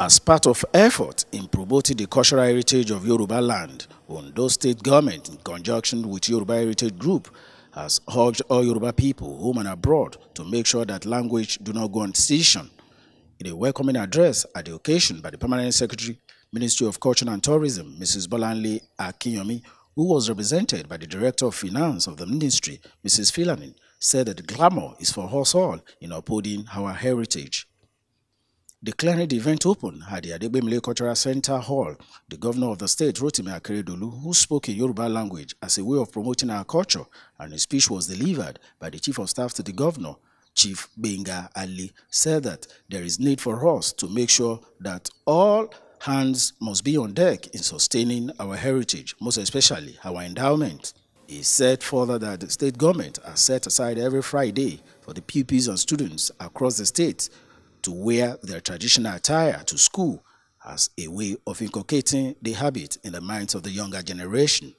As part of effort in promoting the cultural heritage of Yoruba land, Ondo State Government, in conjunction with Yoruba Heritage Group, has urged all Yoruba people, home and abroad, to make sure that language do not go on extinction. In a welcoming address at the occasion by the Permanent Secretary, Ministry of Culture and Tourism, Mrs. Bolanle Akinyomi, who was represented by the Director of Finance of the Ministry, Mrs. Filanin, said that glamour is for us all in upholding our heritage. Declaring the event open at the Adegbemile Cultural Center Hall, the governor of the state, Rotimi Akeredolu, who spoke in Yoruba language as a way of promoting our culture, and his speech was delivered by the chief of staff to the governor, Chief Benga Ali, said that there is need for us to make sure that all hands must be on deck in sustaining our heritage, most especially our endowment. He said further that the state government has set aside every Friday for the pupils and students across the state to wear their traditional attire to school as a way of inculcating the habit in the minds of the younger generation.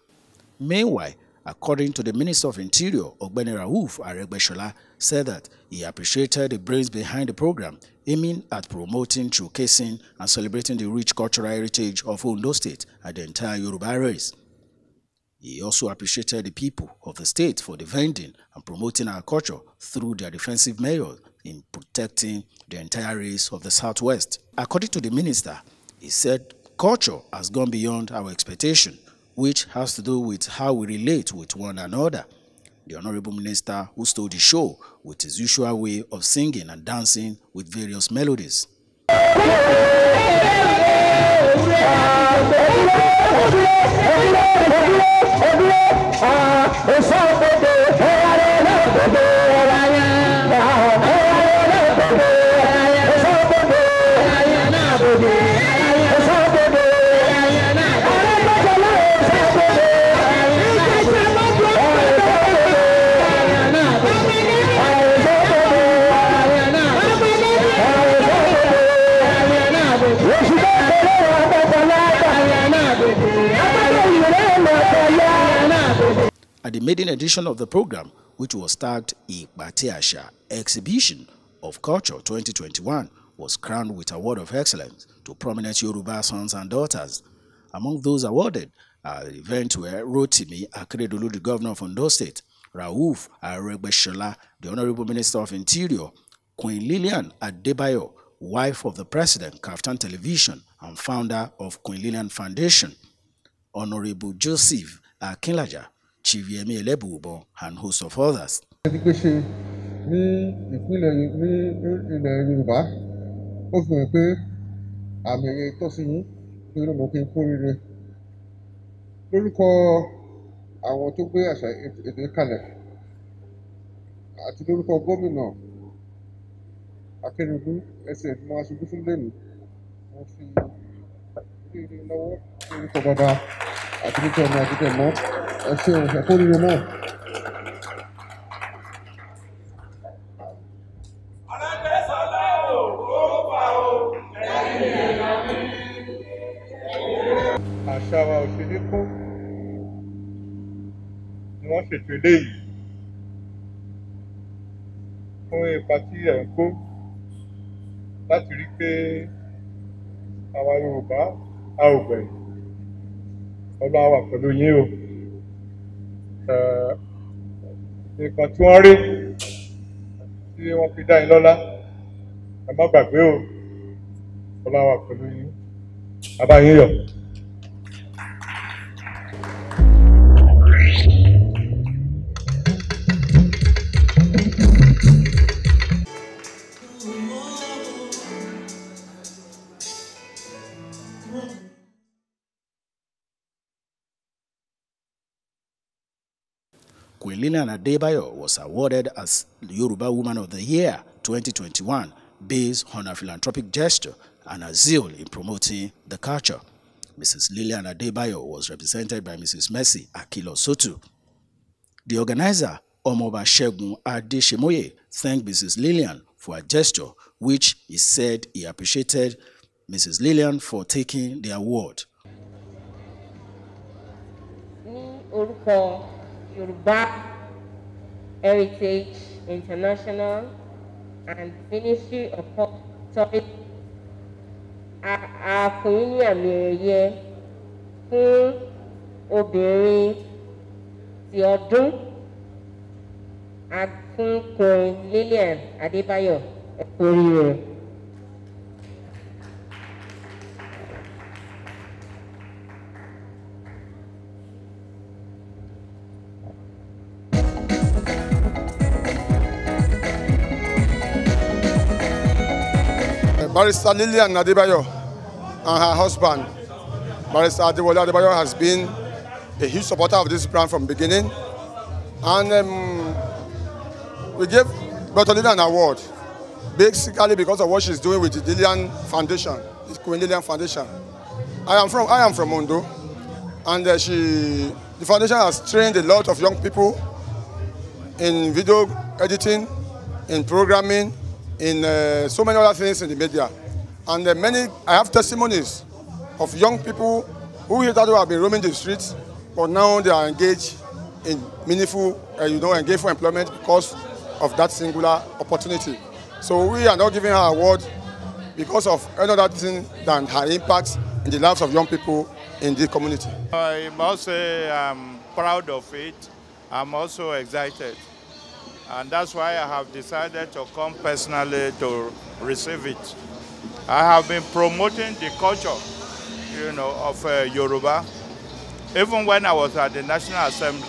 Meanwhile, according to the Minister of Interior, Ogbeni Rauf Aregbesola, said that he appreciated the brains behind the program, aiming at promoting, showcasing, and celebrating the rich cultural heritage of Ondo State and the entire Yoruba race. He also appreciated the people of the state for defending and promoting our culture through their defensive measures in protecting the entire race of the Southwest. According to the minister, he said culture has gone beyond our expectation, which has to do with how we relate with one another. The Honorable Minister who stole the show with his usual way of singing and dancing with various melodies. òwúrẹ́ òwúrẹ́ òwúrẹ́ òwúrẹ́ òwúrẹ́. at the maiden edition of the program, which was tagged Ikbatiasha Exhibition of Culture 2021, was crowned with Award of Excellence to prominent Yoruba sons and daughters. Among those awarded at the event were Rotimi Akeredolu, the governor of Ondo State, Rauf Aregbeshola, the Honorable Minister of Interior, Queen Lillian Adebayo, wife of the President, Kaftan Television, and founder of Queen Lillian Foundation, Honorable Joseph Akinlaja, Chivyemi Elebubo and host of others. ní ìpínlẹ̀ ní ilẹ̀ Yorùbá ó fi hàn pé àmì ẹ̀yẹ tọ́sí kí ló mọ̀ kí n kórìíre lórúkọ àwọn tó gbé àṣà èdè kalẹ̀ àti lórúkọ gómìnà Akérèdọ́lù ẹsẹ̀ ìgbìmọ̀ aṣojú fún lẹ́nu wọ́n fi kí lọ́wọ́ lórúkọ bàbá àti lórúkọ ọmọ àti tẹ̀mọ́ ẹ ṣeun ẹ kó rire náà. àṣà wa ò ṣe ní kú ni wọ́n ṣètò eléyìí fún ipa tí ẹ̀ ń kó láti rí pé àwa a ò gbẹ̀yìn ọlọ́wà pẹ̀lú yín o nǹkan tí wọ́n rí tí wọ́n fi dá yín lọ́lá ẹ má gbàgbé o ọlọ́wà pẹ̀lú yín abáyín yọ̀. Aquilina Adebayo was awarded as Yoruba Woman of the Year 2021 based on her philanthropic gesture and her zeal in promoting the culture. Mrs. Lillian Adebayo was represented by Mrs. Mercy Akilosotu. The organizer, Omoba Shegun Adeshemoye, thanked Mrs. Lillian for her gesture, which he said he appreciated Mrs. Lillian for taking the award. Yoruba Heritage International and Ministry of Tourism àfún ní àmì fún obìnrin ti ọdún àfúnkùn Lillian Adébáyọ̀ ẹ̀kọ́ oríire. Barrister Lillian Adebayo and her husband, Barrister Adewale Adebayo, has been a huge supporter of this brand from the beginning. And um, we gave Bertolina an award, basically because of what she's doing with the Lillian Foundation, the Queen Lillian Foundation. I am from, I am from Mondo, and uh, she, the foundation has trained a lot of young people in video editing, in programming, in uh, so many other things in the media. And uh, many, I have testimonies of young people who hitherto have, been roaming the streets, but now they are engaged in meaningful, uh, you know, engaged for employment because of that singular opportunity. So we are not giving her award because of another thing than her impact in the lives of young people in the community. I must say I'm um, proud of it. I'm also excited. and that's why I have decided to come personally to receive it. I have been promoting the culture, you know, of uh, Yoruba, even when I was at the National Assembly.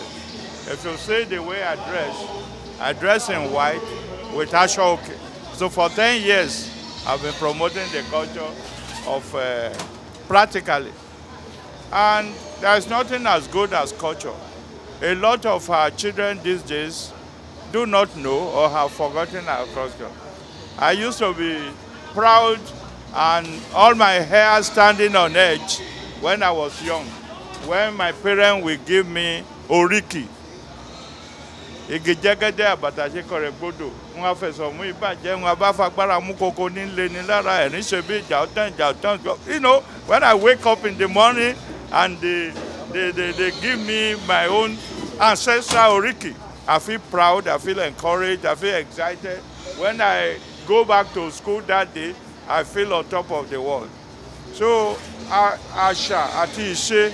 If you see the way I dress, I dress in white with ashoke. So for 10 years, I've been promoting the culture of uh, practically. And there's nothing as good as culture. A lot of our children these days do not know or have forgotten our culture. I used to be proud and all my hair standing on edge when I was young, when my parents would give me oriki. Igi jẹ́gẹ́dẹ́ àbàtàṣe kọ̀rẹ́ gbọ́dọ̀, wọn á fẹ̀sọ̀ mú ìbàjẹ́, wọn á bá fagbára mú koko nílé ní lára ẹ̀rín ṣe bí ìjà ọ̀tán ìjà ọ̀tán. You know, when I wake up in the morning and they, they, they, they give me my own ancestral oriki. I feel proud, I feel encouraged, I feel excited. When I go back to school that day, I feel on top of the world. So àṣà àti ìṣe,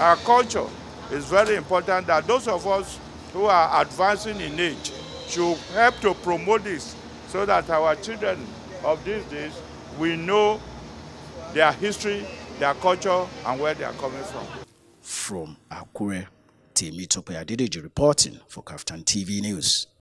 our culture is very important that those of us who are advancing in age should help to promote this so that our children of these days will know their history, their culture, and where they are coming from. From Akure. Temi Tope reporting for Kaftan TV News.